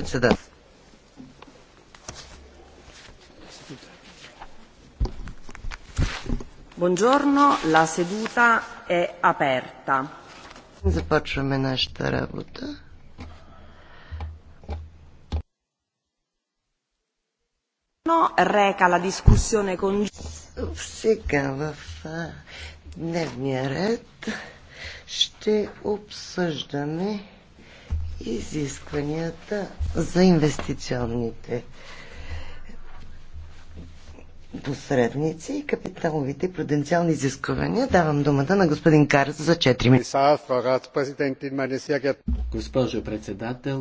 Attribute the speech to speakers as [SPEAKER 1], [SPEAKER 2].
[SPEAKER 1] председател.
[SPEAKER 2] Buongiorno,
[SPEAKER 3] la seduta è aperta. Започваме нашата работа. Река la discussione
[SPEAKER 4] con... Сега в дневния ред ще обсъждаме изискванията за инвестиционните посредници и капиталовите и пруденциални изисквания. Давам думата на господин Карс за 4 минути.
[SPEAKER 5] Госпожо председател,